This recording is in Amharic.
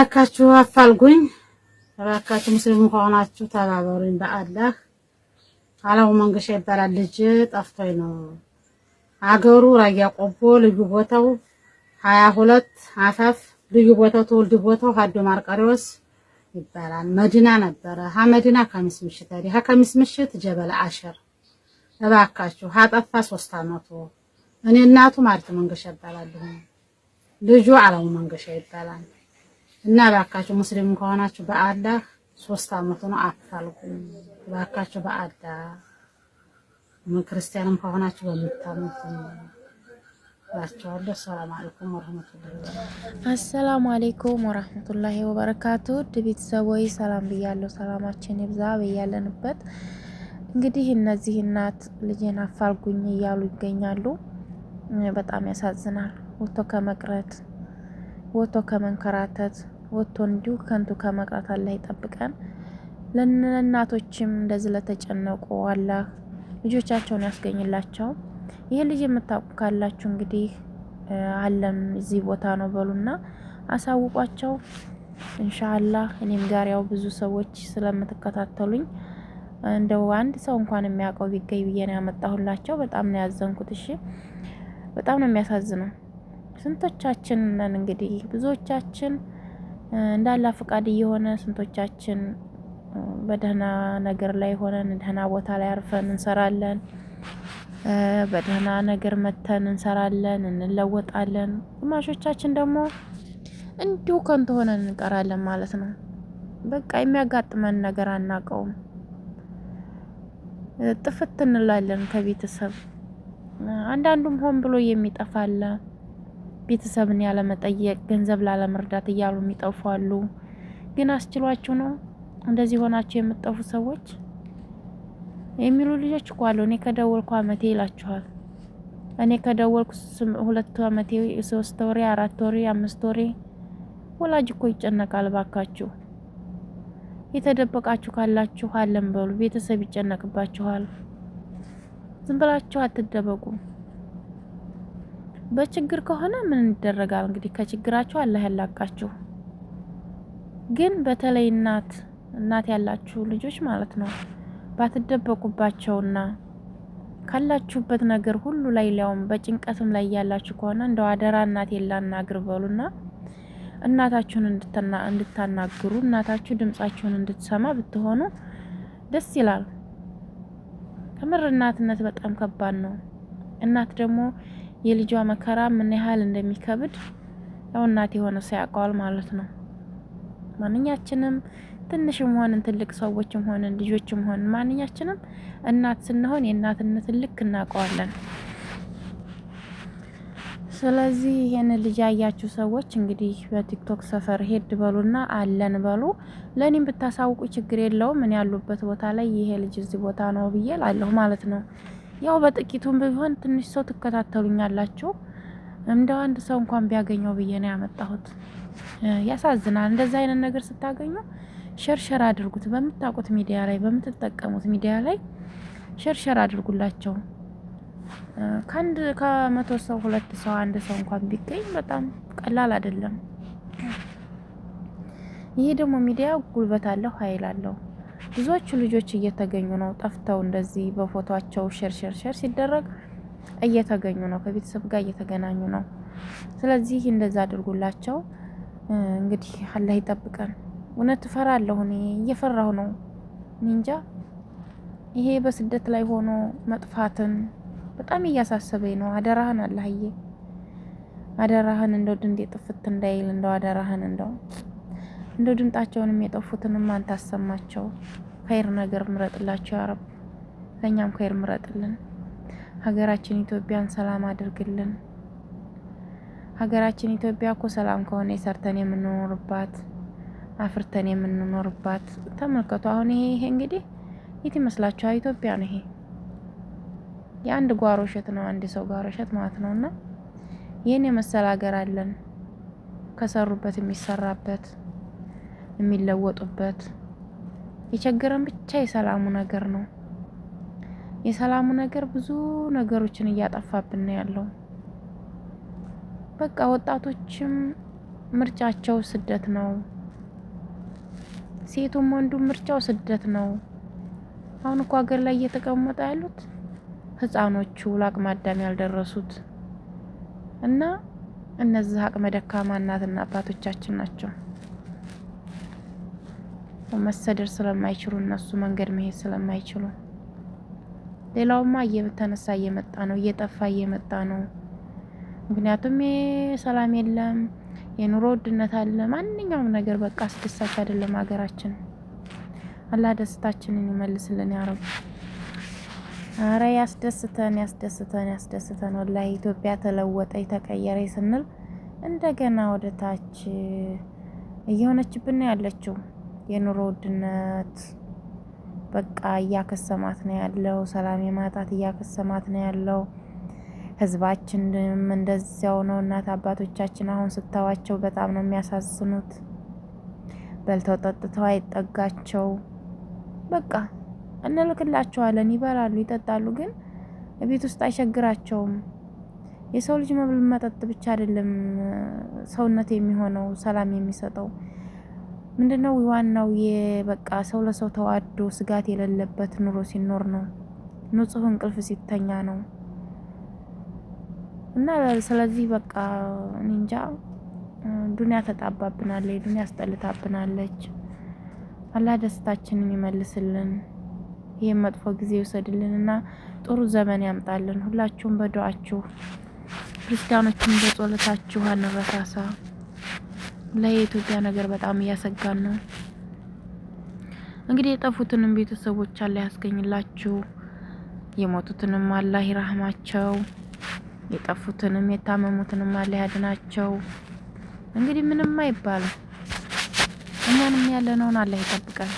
እባካችሁ አፋልጉኝ። እባካችሁ ሙስሊም ከሆናችሁ ተባበሩኝ። በአላህ አላው መንገሻ ይባላል። ልጅ ጠፍቶኝ ነው። አገሩ ራያ ቆቦ፣ ልዩ ቦታው ሀያ ሁለት አፋፍ፣ ልዩ ቦታው ትውልድ ቦታው ሀዶ ማርቀሪዎስ ይባላል። መዲና ነበረ። ሀ መዲና ከሚስ ምሽት ዲ ሀ ከሚስ ምሽት ጀበል አሸር። እባካችሁ ሀጠፋ ሶስት አመቱ እኔ እናቱ ማለት መንገሻ ይባላል። ልጁ አላው መንገሻ ይባላል። እና ባካችሁ ሙስሊም ከሆናችሁ በአላህ ሶስት አመት ነው አታልቁ። ባካችሁ በአላህ ክርስቲያንም ከሆናችሁ በምታምኑት አሰላሙ አለይኩም ወራህመቱላሂ ወበረካቱ። ቤተሰቦይ ሰላም ብያለሁ። ሰላማችን ይብዛ በያለንበት። እንግዲህ እነዚህ እናት ልጄን አፋልጉኝ እያሉ ይገኛሉ። በጣም ያሳዝናል። ወቶ ከመቅረት ወቶ ከመንከራተት ወጥቶ እንዲሁ ከንቱ ከመቅረት አላህ ይጠብቀን። ለእናቶችም እንደዚህ ለተጨነቁ አላህ ልጆቻቸውን ያስገኝላቸው። ይህ ልጅ የምታውቁ ካላችሁ እንግዲህ አለም እዚህ ቦታ ነው በሉና አሳውቋቸው። እንሻአላህ እኔም ጋር ያው ብዙ ሰዎች ስለምትከታተሉኝ እንደው አንድ ሰው እንኳን የሚያውቀው ቢገኝ ብዬ ነው ያመጣሁላቸው። በጣም ነው ያዘንኩት። እሺ በጣም ነው የሚያሳዝነው። ስንቶቻችን ነን እንግዲህ ብዙዎቻችን እንዳላ ፈቃድ እየሆነ ስንቶቻችን በደህና ነገር ላይ ሆነን ደህና ቦታ ላይ አርፈን እንሰራለን። በደህና ነገር መተን እንሰራለን፣ እንለወጣለን። ግማሾቻችን ደግሞ እንዲሁ ከንቱ ሆነን እንቀራለን ማለት ነው። በቃ የሚያጋጥመን ነገር አናውቀውም። ጥፍት እንላለን ከቤተሰብ አንዳንዱም ሆን ብሎ የሚጠፋለ ቤተሰብን ያለመጠየቅ ገንዘብ ላለመርዳት እያሉ የሚጠፉ አሉ። ግን አስችሏችሁ ነው እንደዚህ ሆናችሁ የምጠፉ ሰዎች የሚሉ ልጆች እኮ አሉ። እኔ ከደወልኩ አመቴ ይላችኋል። እኔ ከደወልኩ ሁለት አመቴ፣ ሶስት ወሬ፣ አራት ወሬ፣ አምስት ወሬ። ወላጅ እኮ ይጨነቃል። ባካችሁ የተደበቃችሁ ካላችሁ አለን በሉ። ቤተሰብ ይጨነቅባችኋል። ዝም ብላችሁ አትደበቁ። በችግር ከሆነ ምን ይደረጋል እንግዲህ ከችግራችሁ አላህ ያላቃችሁ። ግን በተለይ እናት እናት ያላችሁ ልጆች ማለት ነው ባትደበቁባቸውና ካላችሁበት ነገር ሁሉ ላይ ሊያውም በጭንቀትም ላይ ያላችሁ ከሆነ እንደው አደራ እናት የላናግር በሉና እናታችሁን እንድታናግሩ እናታችሁ ድምጻችሁን እንድትሰማ ብትሆኑ ደስ ይላል። ከምር እናትነት በጣም ከባድ ነው። እናት ደግሞ የልጇ መከራ ምን ያህል እንደሚከብድ ያው እናት የሆነ ሰው ያውቀዋል ማለት ነው። ማንኛችንም ትንሽም ሆንን ትልቅ ሰዎችም ሆንን ልጆችም ሆንን ማንኛችንም እናት ስንሆን የእናትነት ልክ እናውቀዋለን። ስለዚህ ይሄን ልጅ ያያችሁ ሰዎች እንግዲህ በቲክቶክ ሰፈር ሄድ በሉና አለን በሉ። ለእኔም ብታሳውቁ ችግር የለውም። ምን ያሉበት ቦታ ላይ ይሄ ልጅ እዚህ ቦታ ነው ብዬ ላለሁ ማለት ነው። ያው በጥቂቱም ቢሆን ትንሽ ሰው ትከታተሉኛላችሁ። እንደው አንድ ሰው እንኳን ቢያገኘው ብዬ ነው ያመጣሁት። ያሳዝናል። እንደዚህ አይነት ነገር ስታገኙ ሸርሸር አድርጉት። በምታውቁት ሚዲያ ላይ በምትጠቀሙት ሚዲያ ላይ ሸርሸር አድርጉላቸው። ከአንድ ከመቶ ሰው ሁለት ሰው አንድ ሰው እንኳን ቢገኝ በጣም ቀላል አይደለም። ይሄ ደግሞ ሚዲያ ጉልበት አለው ኃይል አለው። ብዙዎቹ ልጆች እየተገኙ ነው። ጠፍተው እንደዚህ በፎቶቸው ሸርሸርሸር ሲደረግ እየተገኙ ነው። ከቤተሰብ ጋር እየተገናኙ ነው። ስለዚህ እንደዛ አድርጉላቸው። እንግዲህ አላህ ይጠብቀን። እውነት እፈራለሁ። እኔ እየፈራሁ ነው። እንጃ ይሄ በስደት ላይ ሆኖ መጥፋትን በጣም እያሳሰበኝ ነው። አደራህን አላህዬ፣ አደራህን እንደው ድንዴ ጥፍት እንዳይል እንደው አደራህን እንደው እንደው ድምጣቸውንም የጠፉትንም አንተ አሰማቸው። ኸይር ነገር ምረጥላቸው ያረብ። ለእኛም ኸይር ምረጥልን። ሀገራችን ኢትዮጵያን ሰላም አድርግልን። ሀገራችን ኢትዮጵያ እኮ ሰላም ከሆነ ሰርተን የምንኖርባት አፍርተን የምንኖርባት ተመልከቱ። አሁን ይሄ ይሄ እንግዲህ የት ይመስላችኋል? ኢትዮጵያ ነው ይሄ። የአንድ ጓሮ እሸት ነው፣ አንድ ሰው ጓሮ እሸት ማለት ነው። እና ይህን የመሰለ ሀገር አለን፣ ከሰሩበት የሚሰራበት የሚለወጡበት የቸገረን ብቻ የሰላሙ ነገር ነው። የሰላሙ ነገር ብዙ ነገሮችን እያጠፋብን ነው ያለው። በቃ ወጣቶችም ምርጫቸው ስደት ነው። ሴቱም ወንዱም ምርጫው ስደት ነው። አሁን እኮ ሀገር ላይ እየተቀመጠ ያሉት ህፃኖቹ ለአቅመ አዳም ያልደረሱት እና እነዚህ አቅመ ደካማ እናትና አባቶቻችን ናቸው። መሰደር ስለማይችሉ እነሱ መንገድ መሄድ ስለማይችሉ፣ ሌላውማ እየተነሳ እየመጣ ነው፣ እየጠፋ እየመጣ ነው። ምክንያቱም ሰላም የለም የኑሮ ውድነት አለ። ማንኛውም ነገር በቃ አስደሳች አይደለም ሀገራችን። አላህ ደስታችንን ይመልስልን ያረብ። አረ ያስደስተን ያስደስተን ያስደስተን። ወላሂ ኢትዮጵያ ተለወጠ ተቀየረ ስንል እንደገና ወደ ታች እየሆነችብን ያለችው የኑሮ ውድነት በቃ እያከሰማት ነው ያለው። ሰላም የማጣት እያከሰማት ነው ያለው። ህዝባችንም እንደዚያው ነው። እናት አባቶቻችን አሁን ስታዋቸው በጣም ነው የሚያሳዝኑት። በልተው ጠጥተው አይጠጋቸው። በቃ እንልክላቸዋለን፣ ይበላሉ፣ ይጠጣሉ፣ ግን ቤት ውስጥ አይቸግራቸውም። የሰው ልጅ መብል መጠጥ ብቻ አይደለም ሰውነት የሚሆነው ሰላም የሚሰጠው ምንድነው ዋናው የበቃ ሰው ለሰው ተዋዶ ስጋት የሌለበት ኑሮ ሲኖር ነው፣ ንጹህ እንቅልፍ ሲተኛ ነው። እና ስለዚህ በቃ እንጃ ዱንያ ተጣባብናለች፣ ዱንያ አስጠልታብናለች። አላህ ደስታችንን ይመልስልን፣ ይህም መጥፎ ጊዜ ይውሰድልን እና ጥሩ ዘመን ያምጣልን። ሁላችሁም በዱአችሁ ክርስቲያኖችን በጸሎታችሁ አንረሳሳ። ለኢትዮጵያ ነገር በጣም እያሰጋን ነው። እንግዲህ የጠፉትንም ቤተሰቦች አላህ ያስገኝላችሁ፣ የሞቱትንም አላህ ይራህማቸው፣ የጠፉትንም የታመሙትንም አላህ ያድናቸው። እንግዲህ ምንም አይባልም። እኛንም ያለነውን አላህ ይጠብቃል።